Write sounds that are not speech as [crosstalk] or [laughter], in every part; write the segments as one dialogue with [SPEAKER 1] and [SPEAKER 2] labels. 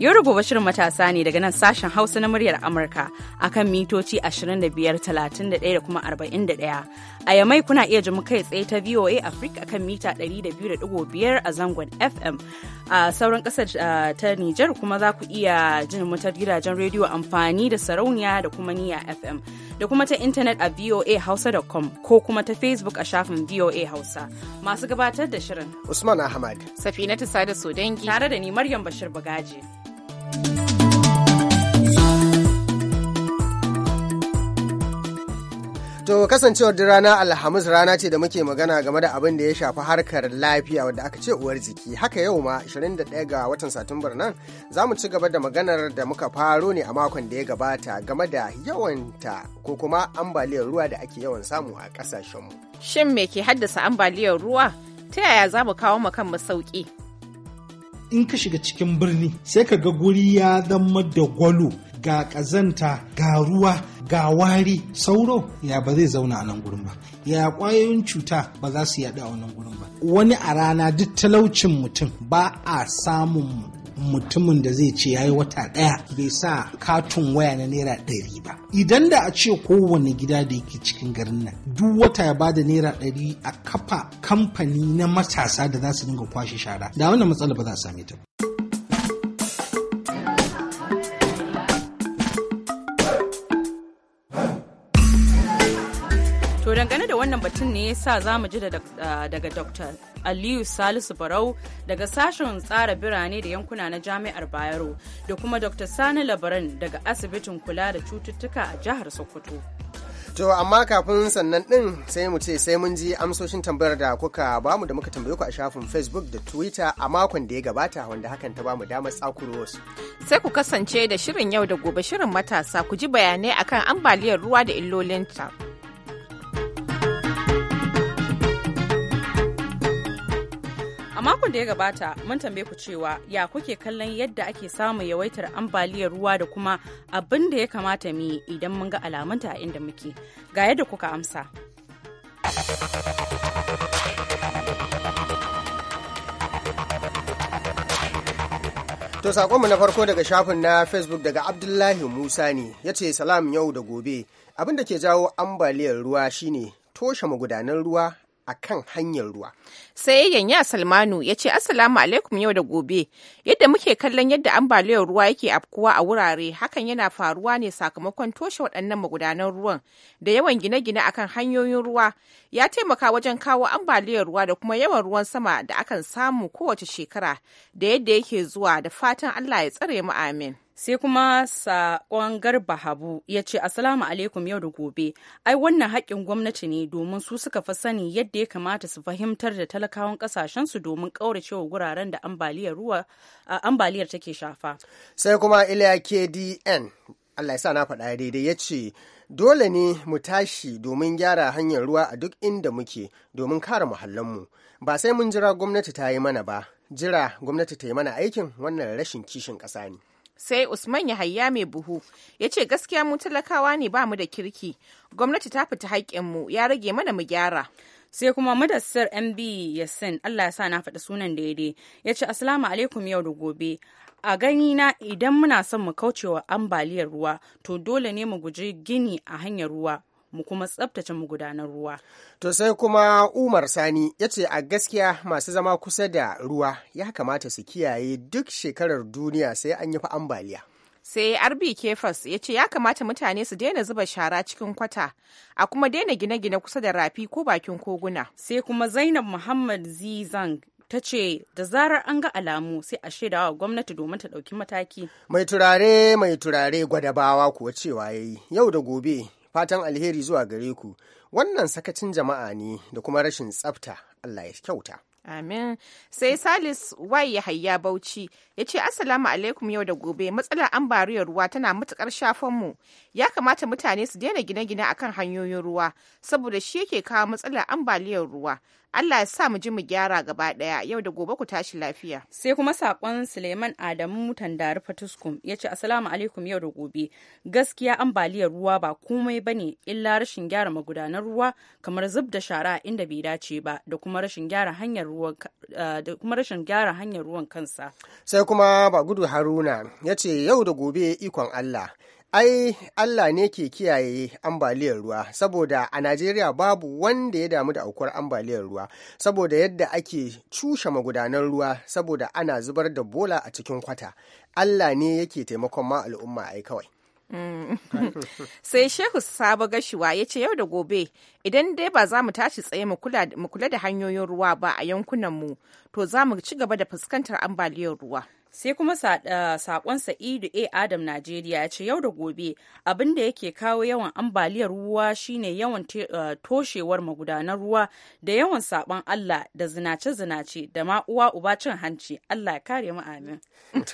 [SPEAKER 1] Yoruba Bashirin matasa ne daga nan sashen Hausa na muryar Amurka a kan mitoci 25, da kuma 41. A yamai kuna iya jin kai tsaye ta VOA Africa kan mita 200.5 a zangon FM. A sauran kasar ta Nijar kuma za ku iya jin mu ta gidajen rediyo amfani da sarauniya da kuma niya FM. Da kuma ta intanet a VOA voahausa.com ko kuma ta Facebook a shafin VOA Hausa. Masu gabatar da shirin. Usman Ahmad. Safinatu Sada Dangi. Tare da ni Maryam Bashir Bagaji.
[SPEAKER 2] To kasancewar da rana Alhamis rana ce da muke magana game da abin da ya shafi harkar lafiya wadda aka ce uwar jiki. Haka yau ma 21 ga watan Satumbar nan za mu ci gaba da maganar da muka faro ne a makon da ya gabata game da yawanta ko kuma ambaliyar ruwa da ake yawan samu a kasashenmu.
[SPEAKER 3] Shin me ke haddasa ambaliyar ruwa? Ta yaya za mu kawo ma kan masauki?
[SPEAKER 4] in ka shiga cikin birni sai ka ga guri ya zama da gwalo ga ƙazanta ga ruwa ga wari sauro ya ba zai zauna a nan gurin ba ya kwayoyin cuta ba za su yaɗu a wannan gurin ba wani a rana duk talaucin mutum ba a samun mutumin da zai ce ya yi wata ɗaya bai sa katon waya na naira ɗari ba idan da a ce kowane gida da yake cikin garin nan duk wata ya bada naira ɗari a kafa kamfani na matasa da za su dinga kwashe shara da wannan matsala ba za a same ta ba
[SPEAKER 1] lokacin ne ya sa za mu ji daga Dr. Aliyu Salisu Barau daga sashen tsara birane da yankuna na Jami'ar Bayero da kuma Dr. Sani Labaran daga asibitin kula da cututtuka a jihar Sokoto.
[SPEAKER 2] To amma kafin sannan ɗin sai mu ce sai mun ji amsoshin tambayar da kuka bamu da muka tambaye ku a shafin Facebook da Twitter a
[SPEAKER 3] makon da ya gabata wanda hakan ta bamu damar tsakuro wasu. Sai ku kasance da shirin yau da gobe shirin matasa ku ji bayanai akan ambaliyar ruwa da illolinta.
[SPEAKER 1] A makon da ya gabata mun tambaye ku cewa ya kuke kallon yadda ake samun yawaitar ambaliyar ruwa da kuma abin da ya kamata mu idan mun ga alamunta a inda muke. Ga yadda kuka amsa.
[SPEAKER 2] To saƙonmu na farko daga shafin na Facebook daga Abdullahi Musa ne ya ce salam yau da gobe abin da ke jawo ambaliyar ruwa shine toshe
[SPEAKER 3] magudanan ruwa a kan hanyar ruwa. Sai Yanya Salmanu ya ce Assalamu alaikum yau da gobe. Yadda muke kallon yadda ambaliyar ruwa yake afkuwa a wurare hakan yana faruwa ne sakamakon toshe waɗannan magudanan ruwan da yawan gine-gine akan hanyoyin ruwa ya taimaka wajen kawo ambaliyar ruwa da kuma yawan ruwan sama da akan samu kowace shekara
[SPEAKER 1] da yadda yake zuwa da fatan Allah ya tsare mu amin. sai kuma saƙon garba habu ya ce asalamu alaikum yau da gobe ai wannan haƙƙin gwamnati ne domin su suka fi sani yadda ya kamata su fahimtar da talakawan su domin ƙauracewa wuraren da ambaliyar ruwa ambaliyar take shafa
[SPEAKER 2] sai kuma ilya kdn allah ya sa na faɗa daidai ya ce dole ne mu tashi domin gyara hanyar ruwa a duk inda muke domin kare mu ba sai mun jira gwamnati ta yi mana ba jira gwamnati ta yi mana aikin wannan rashin kishin ƙasa ne
[SPEAKER 3] sai usman yahaya mai buhu ya ce gaskiya mu talakawa ne ba mu da kirki gwamnati ta fita mu ya rage mana mu
[SPEAKER 1] gyara sai kuma madassar mb yasin allah ya sa na faɗi sunan daidai ya ce asalamu alaikum yau da gobe a gani na idan muna son mu kaucewa ambaliyar ruwa to dole ne mu guji gini a hanyar ruwa mu kuma tsabtace magudanar ruwa.
[SPEAKER 2] To sai kuma Umar Sani ya ce a gaskiya masu zama kusa da ruwa ya kamata su kiyaye duk shekarar duniya sai an yi fa ambaliya.
[SPEAKER 3] sai rb kefas ya ce ya kamata mutane su daina zuba shara cikin kwata a kuma daina gine-gine kusa da rafi
[SPEAKER 1] ko bakin koguna sai kuma zainab muhammad zizang ta ce da zarar an ga alamu sai a shaida wa gwamnati domin ta ɗauki mataki
[SPEAKER 2] mai turare mai turare gwadabawa kuwa cewa yayi yau da gobe fatan alheri zuwa gare ku wannan sakacin jama'a ne da kuma rashin tsafta allah ya kyauta
[SPEAKER 3] Amin. Sai Salis waye Yahaya Bauchi ya ce Assalamu alaikum yau da gobe matsalar ambariyar ruwa tana matukar shafan mu. Ya kamata mutane su daina gine-gine akan hanyoyin ruwa saboda shi yake kawo matsalar ambaliyar ruwa. Allah ya sa mu ji mu gyara gaba ɗaya yau da gobe ku tashi lafiya.
[SPEAKER 1] Sai kuma sakon Suleiman Adamu Tandari Fatuskum ya ce Assalamu alaikum yau da gobe. Gaskiya ambaliyar ruwa ba komai ne illa rashin gyara magudanar ruwa kamar zub da shara inda bai dace ba da kuma rashin gyara hanyar ruwan eh, da kuma rashin gyara hanyar ruwan kansa.
[SPEAKER 2] Sai kuma ba gudu Haruna ya ce yau da gobe ikon Allah. ai Allah ne ke kiyaye ambaliyar ruwa saboda a Najeriya babu wanda ya damu da aukuwar ambaliyar ruwa saboda yadda ake cushe magudanar ruwa saboda ana zubar da bola a cikin kwata Allah ne yake taimakon ma al'umma ai kawai
[SPEAKER 3] mm. [laughs] sai shehu sabo gashiwa ya ce yau da gobe idan dai ba za mu tashi tsaye mu kula da hanyoyin ruwa ba a yankunanmu to za mu ci gaba da fuskantar
[SPEAKER 1] ambaliyar ruwa sai kuma sakon eh, sa'idu a adam najeriya ya ce yau da gobe abin da yake kawo yawan ambaliyar ruwa shine yawan eh, toshewar magudanar ruwa da yawan sabon allah da zinace-zinace da ma uwa uba cin hanci allah ya kare mu amin [laughs]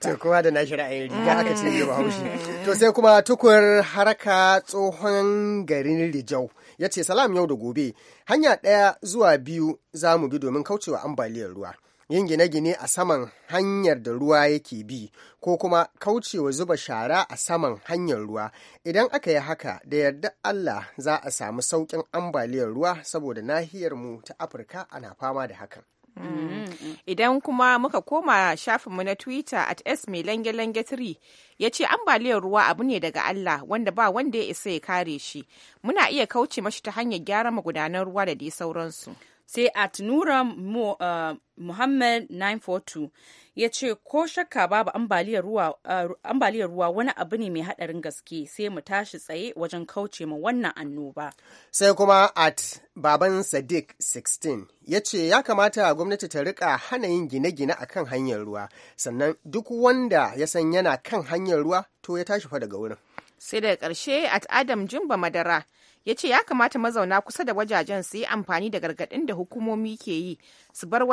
[SPEAKER 2] to kuma da nashi ra'ayin riga aka ce yau haushi mm. [laughs] to sai kuma tukur haraka tsohon garin rijau ya ce salam yau da gobe hanya ɗaya zuwa biyu za mu bi domin kaucewa ambaliyar ruwa yin gine-gine a saman hanyar da ruwa yake bi ko kuma kaucewa zuba shara a saman hanyar ruwa idan aka yi haka da yarda allah za a samu sauƙin ambaliyar ruwa saboda nahiyar mu ta afirka ana fama da hakan
[SPEAKER 3] mm-hmm. Idan kuma muka koma shafinmu na Twitter at S mai lange-lange 3 ya ce ambaliyar ruwa abu ne daga Allah wanda ba wanda ya isa ya kare shi. Muna iya kauce mashi ta hanyar gyara
[SPEAKER 1] magudanan ruwa da dai sauransu. sai at nura mu, uh, muhammad 942 ya ce ko shakka babu ambaliyar ruwa, uh, wani abu ne mai hadarin gaske sai mu tashi tsaye wajen kauce ma wannan annoba
[SPEAKER 2] sai kuma at baban sadiq 16 ya ce ya kamata gwamnati ta rika hana yin gine-gine a kan hanyar ruwa sannan duk wanda ya san yana kan hanyar ruwa to ya tashi
[SPEAKER 3] fa daga wurin sai daga ƙarshe at adam jimba madara ya ce ya kamata mazauna kusa da wajajen su yi amfani da gargaɗin da hukumomi ke yi su bar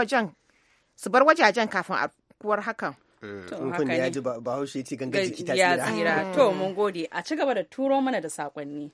[SPEAKER 1] wajajen kafin afkuwar hakan eh, mm. to mun gode a ci gaba da turo mana da saƙonni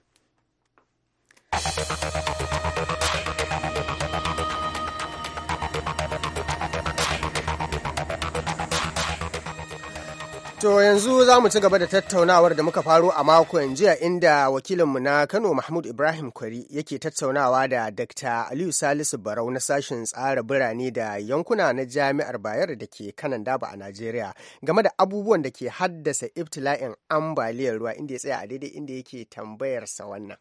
[SPEAKER 2] To yanzu za mu ci gaba da tattaunawar da muka faro a makon jiya inda wakilinmu na Kano Mahmud Ibrahim Kwari yake tattaunawa da Dr. Aliyu Salisu Barau na sashen tsara birane da yankuna na Jami'ar Bayero da ke kanan daba a Najeriya game da abubuwan da ke haddasa ibtila'in ambaliyar ruwa inda ya tsaya a daidai inda yake tambayarsa wannan.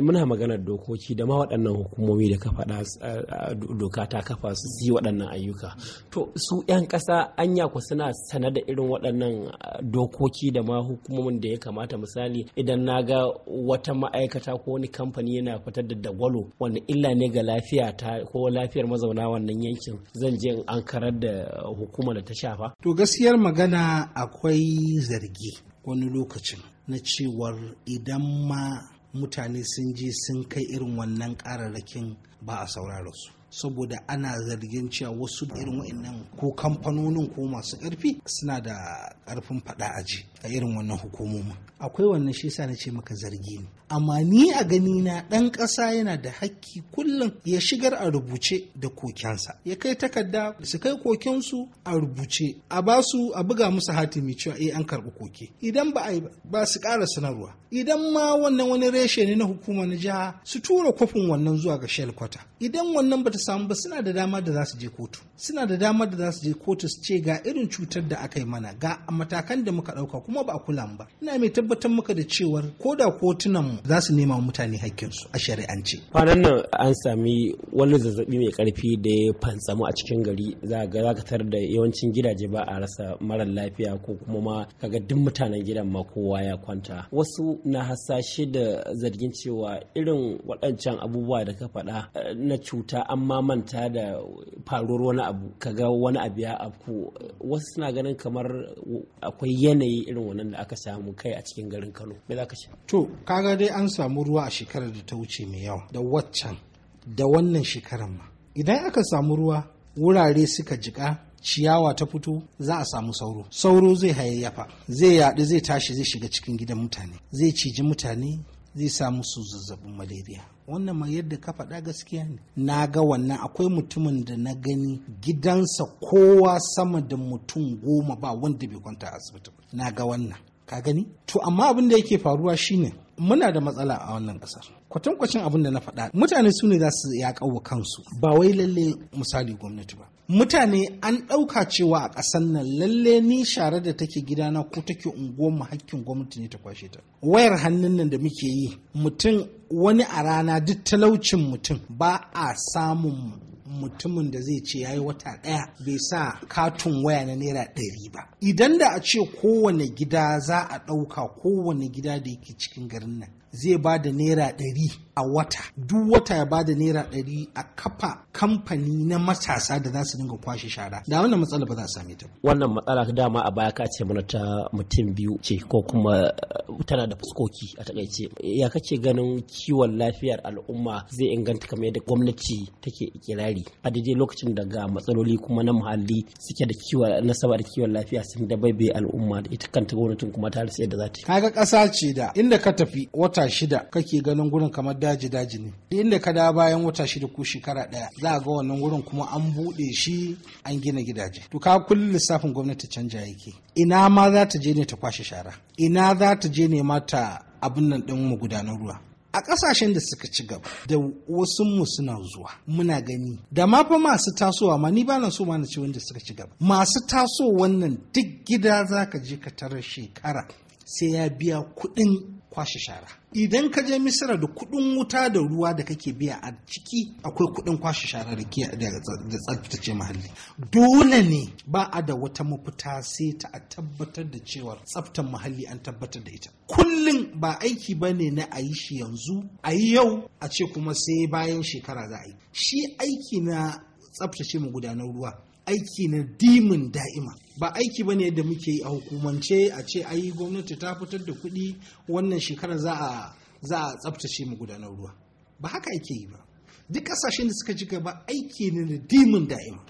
[SPEAKER 5] muna maganar dokoki da ma waɗannan hukumomi da ka faɗa eh, doka ta kafa su yi waɗannan ayyuka to su 'yan ƙasa anya ku suna sane da irin waɗannan eh, dokoki da ma hukumomin da ya kamata misali idan na ga wata ma'aikata ko wani kamfani yana fitar da dagwalo wanda illa ne ga lafiya ta ko lafiyar mazauna wannan yankin zan je an karar da hukumar da ta shafa
[SPEAKER 4] to gaskiyar magana akwai zargi wani lokacin na cewar idan ma mutane sun ji sun kai irin wannan kararrakin ba a saurara su saboda ana zargin cewa wasu irin wa'annan ko kamfanonin ko masu ƙarfi suna da ƙarfin faɗa ji a irin wannan hukumomin akwai wannan shi sa na ce maka zargi ne amma ni a gani na ɗan ƙasa yana da hakki kullum ya shigar a rubuce da kokensa ya kai takarda su kai kokensu a rubuce a ba su a buga musu hatimi cewa eh an karɓi koke idan ba a ba su ƙara sanarwa idan ma wannan wani reshe ne na hukuma na jiha su tura kwafin wannan zuwa ga shell kwata idan wannan bata samu ba suna da dama da za su je kotu suna da dama da za su je kotu su ce ga irin cutar da aka yi mana ga matakan da muka ɗauka kuma ba a kula ba ina mai tabbatar maka da cewar ko da kotunan za su nema mutane hakkinsu a shari'ance. kwanan
[SPEAKER 5] nan an sami wani zazzabi mai karfi da ya fansamu a cikin gari za ga zakatar da yawancin gidaje ba a rasa mara lafiya ko kuma ma kaga duk mutanen gidan ma kowa ya kwanta wasu na hasashe da zargin cewa irin waɗancan abubuwa da ka faɗa eh, na cuta an manta da faruwar wani abu kaga wani abu ya afku wasu suna ganin kamar akwai yanayi irin wannan da aka samu kai a cikin cikin garin Kano me za ka ce
[SPEAKER 4] to kaga dai an samu ruwa a shekarar da ta wuce mai yawa da waccan da wannan shekarar ma idan aka samu ruwa wurare suka jika ciyawa ta fito za a samu sauro sauro zai hayayyafa zai yaɗu zai tashi zai shiga cikin gidan mutane zai ciji mutane zai samu su zazzabin malaria wannan ma yadda ka faɗa gaskiya ne na ga wannan akwai mutumin da na gani gidansa kowa sama da mutum goma ba wanda bai kwanta asibiti na ga wannan ka gani to amma abin da yake faruwa shine muna da matsala a wannan kasar kwatankwacin abin da na faɗa mutane su ne za su yaƙawa kansu ba wai lalle misali gwamnati ba mutane an ɗauka cewa a ƙasar nan lalle ni share da take gidana ko take unguwar mu hakkin gwamnati ne ta kwashe ta wayar hannun nan da muke yi mutum wani a rana duk talaucin mutum ba a samun mutumin da zai ce ya yi wata ɗaya bai sa katun waya na naira ɗari ba idan da a ce kowane gida za a ɗauka kowane gida da yake cikin garin nan zai ba da naira ɗari a wata duk wata ya bada naira ɗari a kafa kamfani na matasa da za su dinga kwashe shara da wannan matsala ba za a same ta
[SPEAKER 5] wannan matsala dama a baya ka ce mana ta mutum biyu ce ko kuma eh, tana da fuskoki a takaice ya kake ganin kiwon lafiyar al'umma zai inganta kamar yadda gwamnati take ikirari a daidai lokacin da ga matsaloli kuma na muhalli suke da kiwon nasaba da kiwon lafiya sun da bai al'umma da ita kanta gwamnatin kuma ta rasa yadda za ta yi
[SPEAKER 4] kaga ƙasa ce da inda ka tafi wata shida kake ganin gurin kamar da daji daji ne inda ka da bayan wata shida ko shekara daya za a ga wannan wurin kuma an bude shi an gina gidaje to ka kullu lissafin gwamnati canja yake ina ma za ta je ne ta kwashe shara ina za ta je ne mata abin nan mu gudanar ruwa a ƙasashen da suka ci gaba da wasu mu suna zuwa muna gani da ma fa masu tasowa ma ni ba na so ma na ce wanda suka ci gaba masu taso wannan duk gida za ka je ka tarar shekara sai ya biya kuɗin kwashe shara idan ka je misira da kuɗin wuta da ruwa da kake biya a ciki akwai kuɗin kwashe shara da ke da tsaftace muhalli dole ne ba a da wata mafita sai ta a tabbatar da cewa tsaftar muhalli an tabbatar da ita kullum ba aiki ba ne na ayi shi yanzu a yi yau a ce kuma sai bayan shekara za a yi shi aiki na tsaftace magudanar ruwa aiki na dimin da'ima ba aiki ba ne yadda muke yi a hukumance a ce ai gwamnati ta fitar da kuɗi wannan shekarar za a za a tsabtace mu gudanar ruwa ba haka ake yi ba duk ƙasashen da suka ci gaba aiki ne da dimin da'ima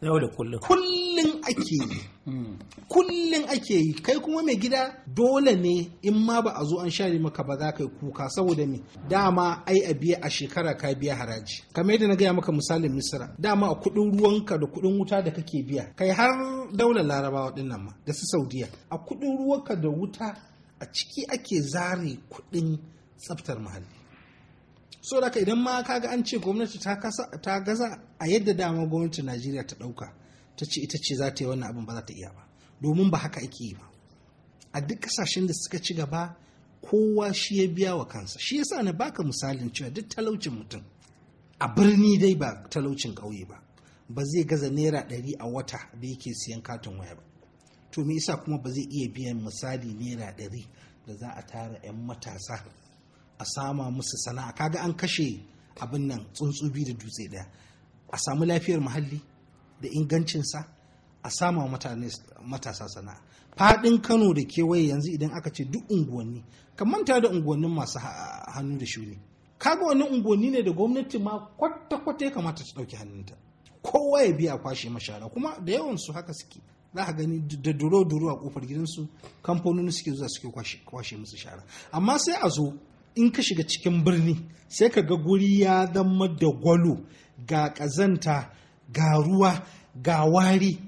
[SPEAKER 5] yau da kullum
[SPEAKER 6] kullum
[SPEAKER 4] ake yi hmm. kullum ake yi kai kuma mai gida dole ne in ma ba a zo an share maka ba za ka yi kuka saboda me dama ai a biya a shekara ka biya haraji kamar yadda na gaya maka misalin misira dama a kuɗin ruwanka da kuɗin wuta da kake biya kai har daular larabawa ɗin nan ma da su saudiya a kuɗin ruwanka da wuta a ciki ake zare kuɗin tsaftar muhalli so da idan ma kaga an ce gwamnati ta gaza a yadda dama gwamnati najeriya ta dauka ta ce ita ce za ta yi wannan abin ba za ta iya ba domin ba haka ake yi ba a duk kasashen da suka ci gaba kowa shi ya biya wa kansa shi yasa na baka misalin cewa duk talaucin mutum a birni dai ba talaucin ƙauye ba ba zai gaza naira ɗari a wata da yake siyan katon waya ba to me yasa kuma ba zai iya biyan misali naira ɗari da za a tara 'yan matasa a sama musu sana'a kaga an kashe abin nan tsuntsu biyu da dutse daya a samu lafiyar muhalli da ingancinsa a sama matasa sana'a faɗin kano da kewaye yanzu idan aka ce duk unguwanni kamar manta da unguwannin masu hannu da shuni kaga wani unguwanni ne da gwamnati ma kwata-kwata ya kamata ta ɗauki hannunta kowa ya biya kwashe mashara kuma da yawan su haka suke za ka gani da duro duro a kofar gidansu kamfanoni suke zuwa suke kwashe musu shara amma sai a zo in ka shiga cikin birni sai ka ga guri ya zama da gwalo ga ƙazanta ga ruwa ga wari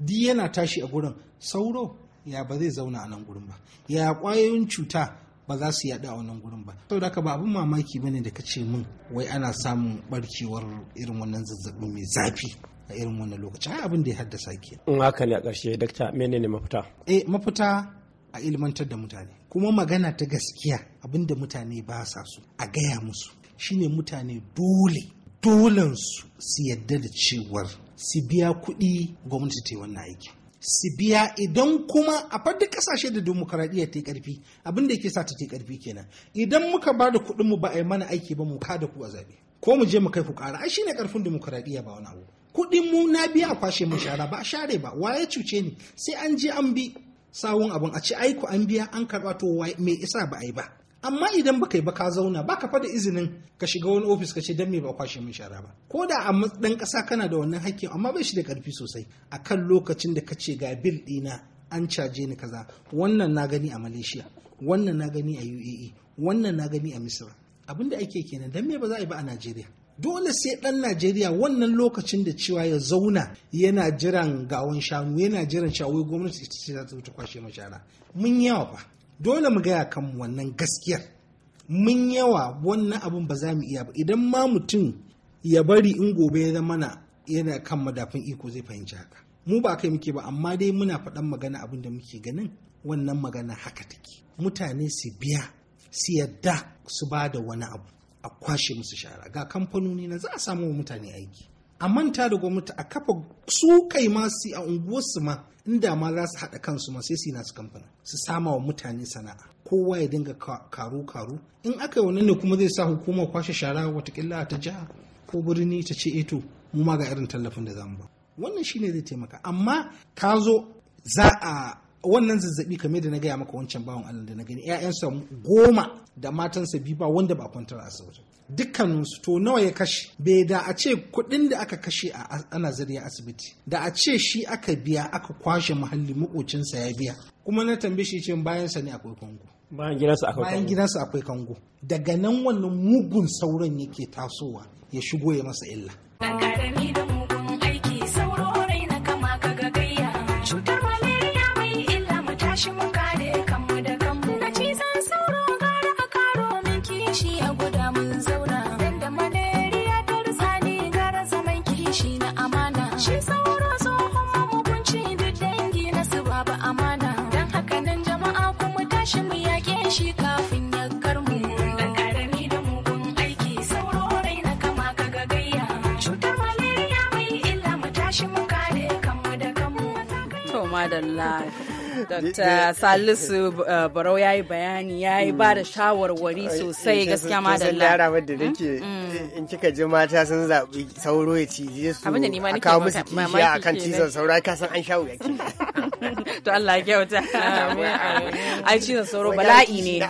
[SPEAKER 4] duk yana tashi a gurin sauro ya ba zai zauna a nan gurin ba ya ƙwayoyin cuta ba za su yaɗu a wannan gurin ba saboda haka ba abin mamaki ba ne da ka ce min wai ana samun barkewar irin wannan zazzabi mai zafi a irin wannan lokaci ai abin da ya haddasa ke
[SPEAKER 5] in haka ne a ƙarshe dakta menene mafita
[SPEAKER 4] eh mafita a ilmantar da mutane kuma magana ta gaskiya abinda mutane ba sa su a gaya musu shine mutane dole dolen su su yadda da cewar su biya kuɗi gwamnati ta yi wannan aiki. su biya idan kuma a fadin kasashe da demokuraɗiyya ta yi ƙarfi, abin da yake sa ta ta yi ƙarfi kenan idan muka ba da kuɗin mu ba a yi mana aiki ba mu ka da ku a zaɓe, ko mu je mu kai ku ƙara ai shine ƙarfin demokuraɗiyya ba wani abu kuɗin mu na biya a kwashe mu shara ba a share ba waye cuce ni sai an je an bi sawun abin a ce aiku an biya an karɓa to mai isa ba a yi ba amma idan baka yi ba ka zauna baka fada izinin ka shiga wani ofis ka ce dan me ba kwashe min shara ba ko da a dan kasa kana da wannan hakkin amma bai shi da karfi sosai kan lokacin da ka ce ga bil dina an caje ni kaza wannan na gani a Malaysia wannan na gani a UAE wannan na gani a Misira abin da ake kenan dan me ba za a yi ba a Najeriya dole sai ɗan Najeriya wannan lokacin da cewa ya zauna yana jiran gawon shanu yana jiran shawai gwamnati ita ce za ta wuce kwashe mashara mun yawa ba dole mu gaya kanmu wannan gaskiyar mun yawa wannan abin ba za mu iya ba idan ma mutum ya bari in gobe ya zama na yana kan madafin iko zai fahimci haka mu ba kai muke ba amma dai muna faɗan magana abin da muke ganin wannan magana haka take mutane su biya su yadda su ba da wani abu a kwashe musu shara ga kamfanoni na za a samu wa mutane aiki a manta da gwamnati a kafa su kai masu a unguwarsu ma inda ma za su haɗa kansu ma sai su nasu kamfanin su sama wa mutane sana'a kowa ya dinga karu-karu in aka yi wannan ne kuma zai sa hukumar kwashe shara watakila ta ja, ko birni ta ce eto eh mu ma ga irin tallafin da zamu ba wannan shine zai taimaka amma ka zo za a wannan zazzabi kame da na gaya maka wancan bawan Allah da na gani ƴaƴansa goma da matansa biyu ba wanda ba kwantar asibiti dukkaninsu to nawa ya kashe bai da a ce kuɗin da aka kashe a ana zariya asibiti da a ce shi aka biya aka kwashe muhalli makocinsa ya biya kuma na tambaye shi ce sa ne akwai kwango bayan gidansa akwai bayan gidansa akwai kango daga nan wannan mugun sauran yake tasowa ya shigo ya masa illa
[SPEAKER 1] da mugun aiki sauro raina kama kaga gayya madalla [laughs] Dr. Salisu uh, Barau ya yi bayani ya yi ba da mm. shawarwari sosai gaskiya ma da madalla. Yara wadda hmm? nake hmm. in
[SPEAKER 2] kika ji mata sun zaɓi sauro ya cije su a kawo musu kishiya a kan cizon sauro ya
[SPEAKER 1] kasan an shawo ya ke. [laughs] To Allah ya kyauta. [laughs] Ai cizon sauro bala'i ne.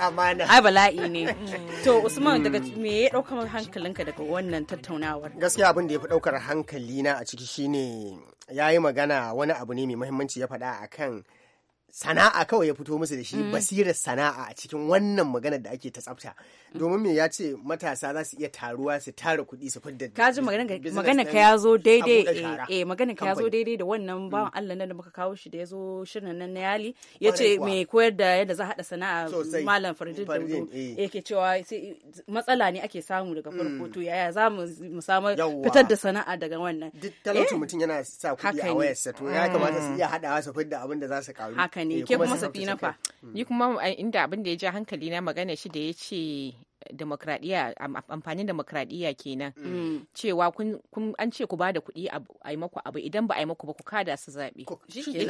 [SPEAKER 1] Ai bala'i ne. Hmm. To Usman daga me ya ɗaukar hankalinka daga
[SPEAKER 2] wannan tattaunawar? Gaskiya abin da ya fi ɗaukar hankali na a ciki shine ya yi magana wani abu ne mai muhimmanci ya faɗa a kan sana'a kawai ya fito musu da shi mm. basirar sana'a a cikin wannan magana da ake ta tsafta domin me ya ce matasa za su iya taruwa su tara kuɗi su fidda ka ji
[SPEAKER 1] magana eh, eh, ka ya zo daidai eh magana ka ya zo daidai da wannan mm. bawan Allah nan da muka kawo shi da ya zo shirin nan na yali ya ce me koyar da yadda za a haɗa sana'a malam Faridin Daudo eh. ke cewa matsala ne ake samu daga farko mm. to yaya za mu samu fitar da sana'a daga wannan duk talauci mutum
[SPEAKER 2] yana sa kuɗi a wayarsa to ya kamata su mm. iya haɗawa su fidda abin da za su karu haka ne ke kuma safi na fa
[SPEAKER 1] ni kuma inda abin
[SPEAKER 3] da ya ja hankali na magana shi da ya ce demokradiyya amfanin demokradiyya kenan mm. Mm. cewa kun an ce ku bada kuɗi a yi maku abu idan ba a yi maku ba ku kada su
[SPEAKER 1] zaɓe shi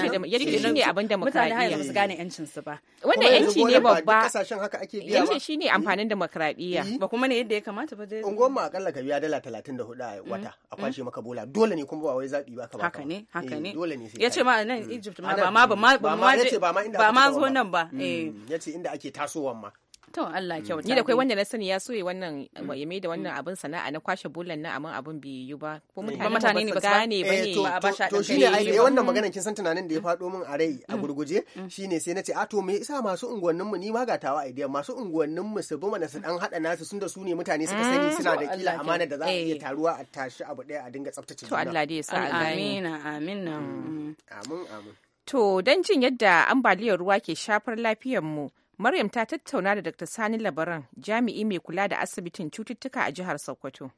[SPEAKER 1] ne abin demokradiyya mutane haka su gane yancin su ba wannan yanci ne babba
[SPEAKER 2] kasashen haka ake biya yanci
[SPEAKER 1] ne mm. amfanin demokradiyya ba kuma ne yadda ya kamata ba dai ungon ma akalla ka
[SPEAKER 2] biya dala 34 a wata a kwashe maka bola dole ne kuma ba wai zaɓi ba ka ba haka ne haka eh, ne dole ne
[SPEAKER 1] sai yace ma nan Egypt ma ba ma ba ma ba ma zo nan ba eh yace inda ake
[SPEAKER 2] tasowan ma
[SPEAKER 3] To Allah mm. kyauta. Ni da kai wanda na sani ya soye wannan mm. ya mai da mm. wannan abin sana'a na kwashe bulan nan amma abin bai yi ba. Ko mutane ne ba su gane ba ne ba ba sha To shine ai eh, wannan magana
[SPEAKER 2] kin san tunanin da ya faɗo min a rai a gurguje shine sai na ce a ah, to me yasa masu unguwannin mu ni ma ga tawa idea masu unguwannin mu su bi mana su dan hada nasu sun da su ne mutane suka sani suna da kila amana da za a iya eh. taruwa a tashi abu daya a dinga tsaftace. To Allah dai ya sa amina
[SPEAKER 1] amin amin
[SPEAKER 2] amin.
[SPEAKER 3] To don jin yadda ambaliyar ruwa ke shafar lafiyar mu Maryam ta tattauna da Dr. Sani Labaran, jami'i mai kula da asibitin cututtuka a jihar Sokoto.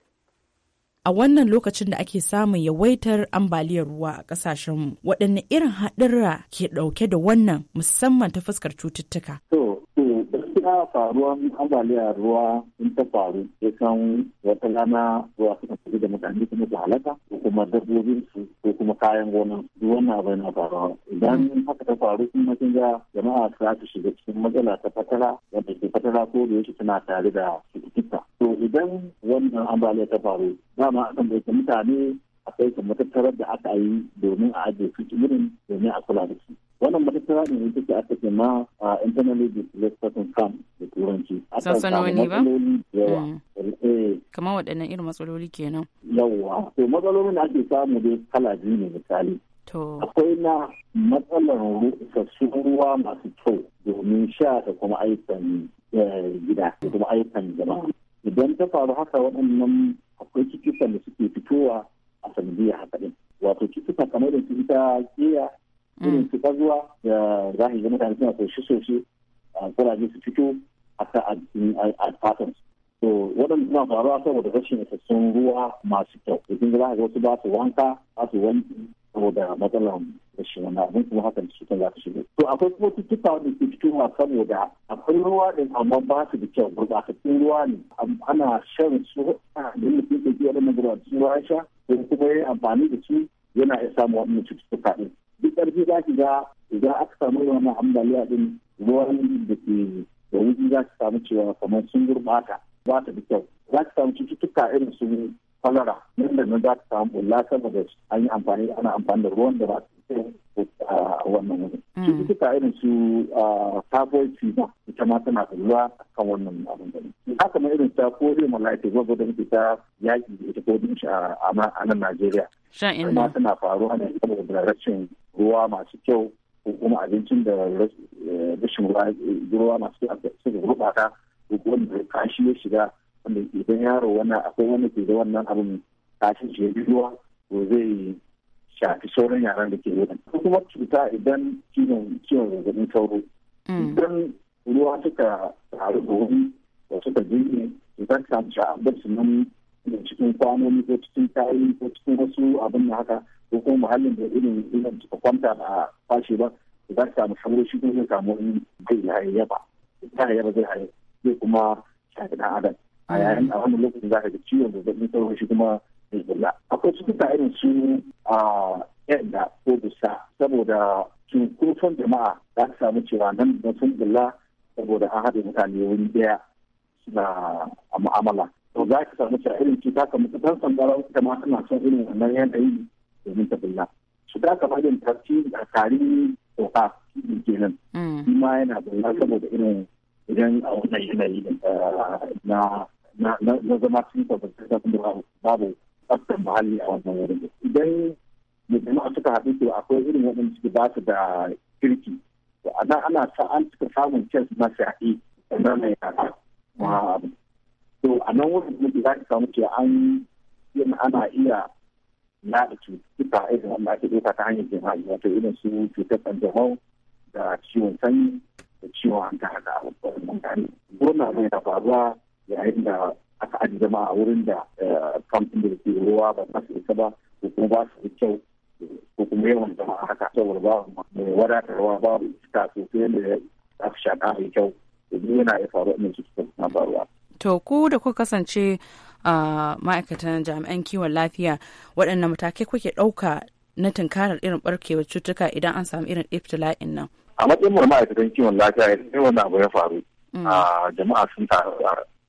[SPEAKER 1] a wannan lokacin da ake samun yawaitar ambaliyar ruwa a kasashenmu waɗanne irin haɗurra ke ɗauke da wannan musamman ta fuskar cututtuka.
[SPEAKER 6] gaskiya faruwan ambaliyar ruwa sun ta faru san wata rana ruwa suka fi da mutane kuma su halaka ko kuma dabbobin su ko kuma kayan gona duk wannan abin na faruwa idan haka ta faru kuma kin ga jama'a za ta shiga cikin matsala ta fatara wanda ke fatara ko da yake tana tare da cututtuka to idan wannan ambaliyar ta faru dama akan da mutane akwai su matattarar da aka yi domin a ajiye su irin domin a kula da su wannan matattara ne take aka ce ma a internally displaced person camp da turanci sansanoni ba mm. eh.
[SPEAKER 1] kamar waɗannan irin matsaloli kenan
[SPEAKER 6] yawa to matsalolin da ake samu da kala ne misali akwai na matsalar isassun ruwa masu kyau domin sha da kuma ayyukan eh, gida da kuma ayyukan jama'a idan ta faru haka waɗannan akwai cikin da suke fitowa a sanadiyar haka din wato cikin kamar da cuta kiya irin mm. su bazuwa da za ka zama mutane suna soshi soshi a kuraje su fito a fatan su to waɗanda suna faruwa saboda rashin isassun ruwa masu kyau idan za a ga wasu ba su wanka ba su wanki saboda matsalar rashin wannan abin kuma hakan su kan za su shigo to akwai kuma cututtuka wanda ke fito ma saboda akwai ruwa ɗin amma ba su da kyau gurɓatattun ruwa ne ana shan su a da mutum ke ji waɗannan gurɓatattun ruwa ya sha ko kuma ya yi amfani da su yana iya samun waɗannan cututtuka ɗin ƙarfi za su ga idan aka samu wannan ambaliya din ruwan da ke da wuri za su samu cewa kamar sun gurɓata ba ta da kyau za su samu cututtuka irin su kwalara nan da nan za su samu bulla da an yi amfani ana amfani da ruwan da ba a wannan wurin. Cututtuka irin su typhoid ah, fever ita ma tana faruwa kan wannan abin da Haka ma irin ta ko hemolytic wadda da muke ta yaki, da ita ko shi a nan Najeriya. Sha'in ma tana faruwa ne saboda rashin ruwa masu kyau ko kuma abincin da eh, rashin ruwa eh, masu suka gurɓata ko wanda kashi ya shiga wanda idan yaro wannan akwai wanda ke da wannan abin kashin shi ya ruwa to zai shafi sauran yaran da ke wurin ko kuma cuta idan ciwon ciwon zazzabin sauro mm. idan ruwa suka taru da wuri da suka jirgin cutar ta shafi su nan da cikin kwanoni ko cikin kayan ko cikin wasu abin da haka ko kuma muhallin da irin irin suka kwanta ba a kwashe ba za ta samu sauro shi kuma samu wani bai haye yaba ta hayayya zai haye zai kuma shafi ɗan adam a mm. yayin a wani lokacin za ka ga ciwon zazzabin sauro shi kuma hezbollah akwai cutuka irin su a yadda ko dusa saboda cunkoson jama'a za su samu cewa nan da hezbollah saboda an haɗe mutane wani daya suna a mu'amala to za ka samu cewa irin cuta kamar ta tan sandara ita ma tana son irin wannan yanayi domin ta bulla cuta ka yin tarci a tari toka kenan mm. shi ma yana bulla saboda irin idan a wannan yanayi eh, na na zama cikin kwamfuta babu tsaftar muhalli a wannan wurin idan jama'a suka haɗu to akwai irin waɗanda suke ba su da kirki to ana ana sa an suka samun kes na fyaɗe na mai yara to a nan wurin kuma za ka samu cewa an yin ana iya yaɗa cututtuka irin wanda ake ɗauka ta hanyar jima'i wato irin su cutar ƙanjamau da ciwon sanyi da ciwon hanta da abubuwan mutane. Gona mai da faruwa yayin da aka aji zama a wurin da kamfin eh, da ke ruwa ba ta su isa ba ko kuma ba su kyau ko kuma yawan zama a haka saboda ba mai ruwa ba iska sosai yadda za su shaƙa mai kyau yanzu yana ya faru ne cikin na faruwa.
[SPEAKER 1] To ku da kuka kasance ma'aikatan jami'an kiwon lafiya waɗannan matakai kuke ɗauka na tunkarar irin barkewar cutuka idan an samu irin iftila'in nan.
[SPEAKER 6] A matsayin ma'aikatan kiwon lafiya idan wannan abu ya faru mm. jama'a sun taru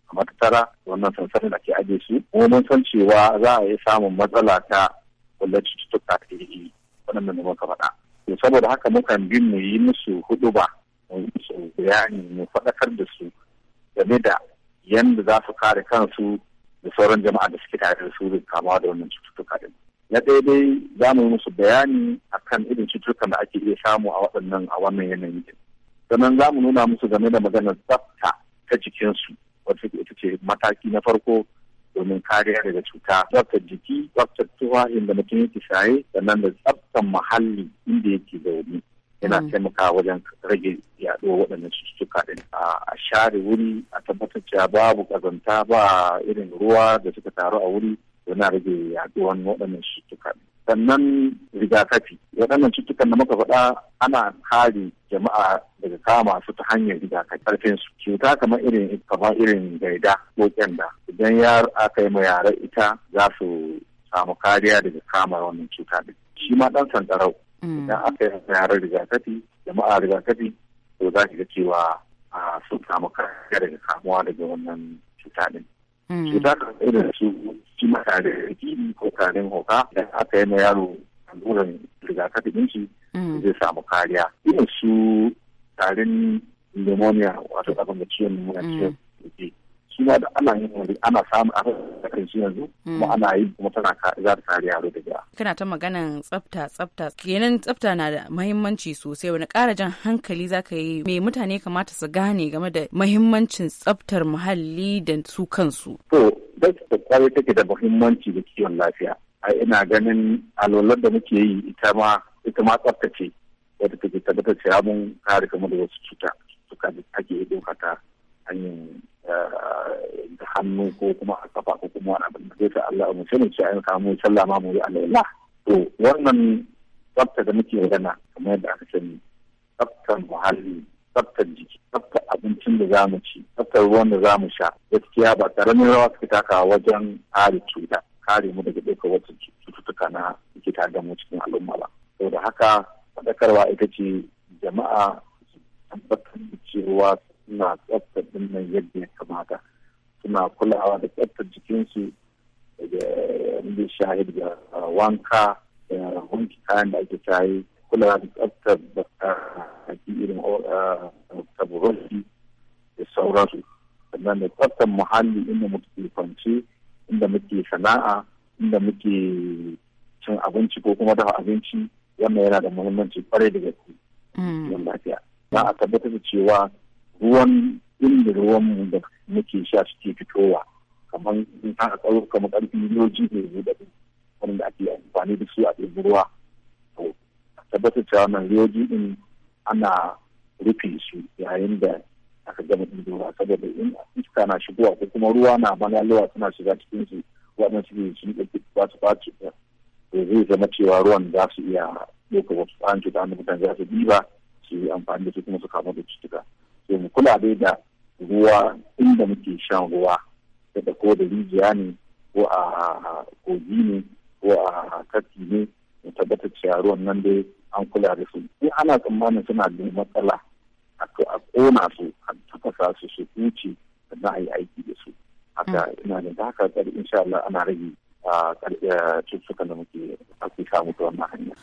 [SPEAKER 6] a matattara wannan sansanin da ke aje su kuma mun san cewa za a yi samun matsala ta kullar cututtuka ta yi waɗanda da muka faɗa to saboda haka mukan bi mu yi musu hudu ba mu yi musu bayani mu faɗakar da su game da yadda za su kare kansu da sauran jama'a da suke tare da su da kama da wannan cututtuka din na ɗaya dai za mu yi musu bayani akan irin cututtukan da ake iya samu a waɗannan a wannan yanayin sannan za mu nuna musu game da maganar tsafta ta jikinsu wata ita ce mataki na farko domin kariya daga cuta tsaftar jiki tsaftar inda da mutum yake shaye sannan da tsaftar muhalli inda yake zaune yana mm. taimaka wajen rage yaɗuwar waɗannan cututtuka ɗin a share wuri a tabbatar cewa babu ƙazanta ba irin ruwa da suka taru a wuri yana rage yaɗuwar waɗannan cututtuka ɗin sannan rigakafi waɗannan cututtukan da muka faɗa ana kare jama'a daga kama su ta hanyar rigakafi ƙarfin su cuta kamar irin kama irin gaida ko kyanda idan yar aka yi ma yara ita za su samu kariya daga kama wannan cuta din shi ma ɗan sandarau mm. idan aka yi yara rigakafi jama'a rigakafi to za ki ga cewa ah, sun samu kariya daga kamuwa daga wannan cuta din cuta mm. kan irin su shi mata da tv ko karin hoka idan aka yi na yaro alluran rigakafi din shi mm. zai samu kariya irin su tarin pneumonia wato abin da ciwon pneumonia mm. ciwon shi ma da ana yin wuri ana samun abin da kan shi yanzu hmm. kuma ana yi kuma tana za ta kare yaro da gida.
[SPEAKER 1] Kana ta maganan tsafta tsafta kenan tsafta na da mahimmanci sosai wani ƙara jan hankali za ka yi me mutane kamata su gane game da mahimmancin tsaftar muhalli da su kansu.
[SPEAKER 6] To da kwaye take da mahimmanci da kiwon lafiya. A ina ganin alwalar da muke yi ita ma ita ma tsaftace wadda take tabbatar cewa mun kare kamar da wasu cuta suka ake doka ta hanyar da hannu ko kuma a kafa ko kuma wani abin da zai ta Allah mu sani cewa in samu sallah ma mu yi alwala to wannan tsafta da muke magana kamar yadda aka sani tsaftar muhalli tsaftar jiki tsaftar abincin da zamu ci tsaftar ruwan da za mu sha gaskiya ba karamin rawa suke taka wajen kare cuta kare mu daga ɗaukar wata cututtuka na likita da mu cikin al'umma ba saboda haka faɗakarwa ita ce jama'a su tabbatar da cewa suna tsaftar dinnan yadda ya kamata suna kulawa da tsaftar jikinsu da inda shahid da wanka da wanki kayan da ake shayi kulawa da tsaftar da ake irin taburarki da sauransu sannan da tsaftar muhalli inda muke kwanci inda muke sana'a inda muke cin abinci ko kuma dafa abinci wannan yana da muhimmanci kwarai da gaske. Mm. na a tabbatar da cewa ruwan inda ruwan mu da muke sha suke fitowa kamar in ka tsaro kamar ƙarfi yoji ne da wanda ake amfani da su a ɗin ruwa to tabbatar cewa nan yoji ɗin ana rufe su yayin da aka gama ɗin ruwa saboda in iska na shigowa ko kuma ruwa na malalowa suna shiga cikin su waɗannan suke sun ɗauki ɓaci ɓaci to zai zama cewa ruwan za su iya ɗauka wasu ƙwayan da mutane za su ɗiba su yi amfani da su kuma su kama da cutuka. sai mu kula dai da ruwa inda muke shan ruwa da ko da rijiya ne ko a kogi ne ko a kati ne mu tabbatar cewa ruwan nan dai an kula da su sai ana tsammanin suna da matsala a kona su a tafasa su su huce za a yi aiki da su haka ina da haka tsari insha Allah ana rage cututtukan da muke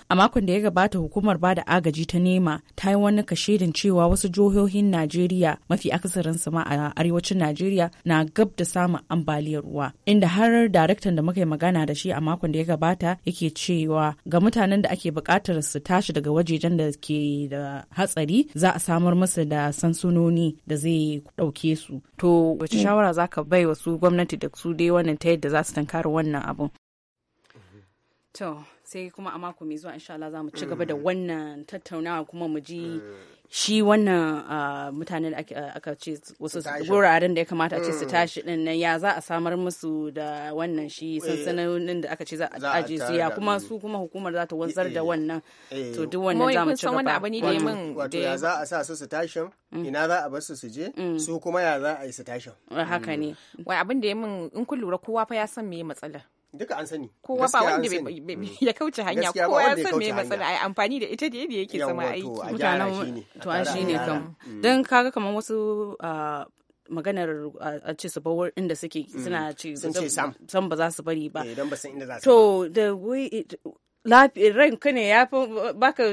[SPEAKER 1] A makon da ya gabata hukumar ba da agaji ta nema ta yi wani kashedin cewa wasu jihohin Najeriya mafi akasarin su ma a arewacin Najeriya na gab da samun ambaliyar ruwa. Inda har daraktan da muka yi magana da shi a makon da ya gabata yake cewa ga mutanen da ake bukatar su tashi daga wajejen da ke da hatsari za a samar musu da sansunoni da zai ɗauke su. To wace mm. shawara za ka bai wasu gwamnati da su dai wannan ta yadda za su tankara wannan abu to sai kuma a mako mai zuwa insha Allah za mu ci gaba da mm. wannan tattaunawa kuma mu ji mm. shi wannan ah, mutane da ah, aka ce wasu wuraren da ya kamata a ce su mm. tashi din nan ya za a samar musu da wannan shi eh. sansanonin da aka ce za a aje su ya kuma su kuma hukumar za ta wanzar da eh. wannan eh. to duk wannan za mu ci gaba wato ya za
[SPEAKER 2] a sa su su tashin ina za a bar su su je
[SPEAKER 3] su kuma ya za a yi su tashin haka ne wai abin da ya min in kun lura kowa fa ya san me matsalar duka an sani kowa ba wanda mm. ya kauce hanya kowa ya san me matsala ai amfani da ita
[SPEAKER 1] da yake zama aiki mutanen to an shine kan mm. dan kaga kaman wasu ah, maganar ah, a ce su bawar inda suke mm. suna ce sam ba za su bari ba eh, to da ranka ne ya fi baka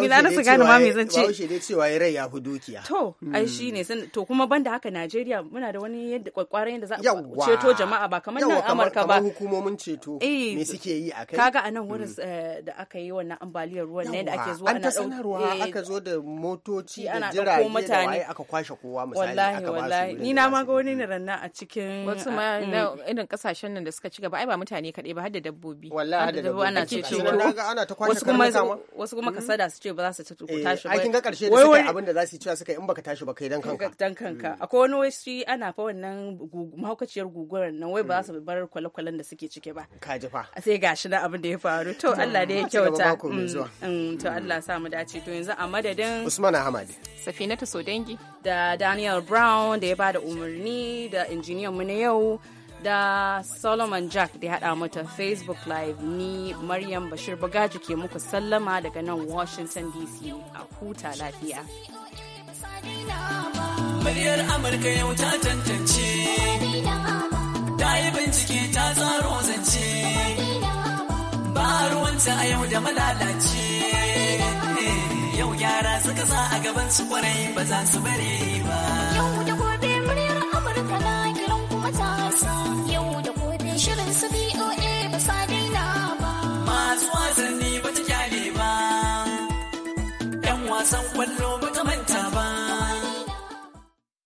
[SPEAKER 1] gina na su gane ma zan ce bahaushe
[SPEAKER 2] dai cewa ya rai ya fi dukiya to ai shi
[SPEAKER 1] hmm. ne to kuma banda haka najeriya muna da wani yadda kwakwaran yadda za a ceto jama'a ba kamar nan amurka ba hukumomin ceto eh, me suke yi a kai kaga a nan hmm. wurin eh, da aka yi wannan ambaliyar ruwan ne da ake zuwa ana sanarwa eh, aka zo da motoci da jirage da waye
[SPEAKER 2] aka kwashe kowa misali
[SPEAKER 1] wallahi wallahi ni na ma ga wani ne hmm. ranna a cikin wasu ma ah, irin kasashen nan da suka ci
[SPEAKER 3] gaba ai ba mutane kaɗai ba har da dabbobi wallahi da dabbobi ce ga ana ta wasu kuma kasada su ce ba za su eh, tashi ba ai kin ga karshe da suka
[SPEAKER 1] abin da za su cewa suka in baka tashi ba kai dan kanka dan kanka mm. akwai wani wasu ana fa wannan mahaukaciyar guguwar nan wai ba za su mm. bar kwale-kwalen da suke ciki ba ka ji fa sai gashi na abin da ya faru to mm. Allah ne ya kyauta to Allah sa mu dace to yanzu a madadin Usman Ahmadi Safinatu Sodengi da Daniel Brown da ya bada umarni da injiniyan mu na yau da Solomon Jack da ya haɗa mata Facebook Live ni Maryam Bashir Bagaji ke muku sallama daga nan Washington DC a huta lafiya.
[SPEAKER 6] Muryar
[SPEAKER 5] Amurka yau ta tantance, ta yi bincike ta tsaro zance, ba ruwanta a yau da malalace. Eh, yau gyara suka sa a gaban su kwarai ba za su bare ba.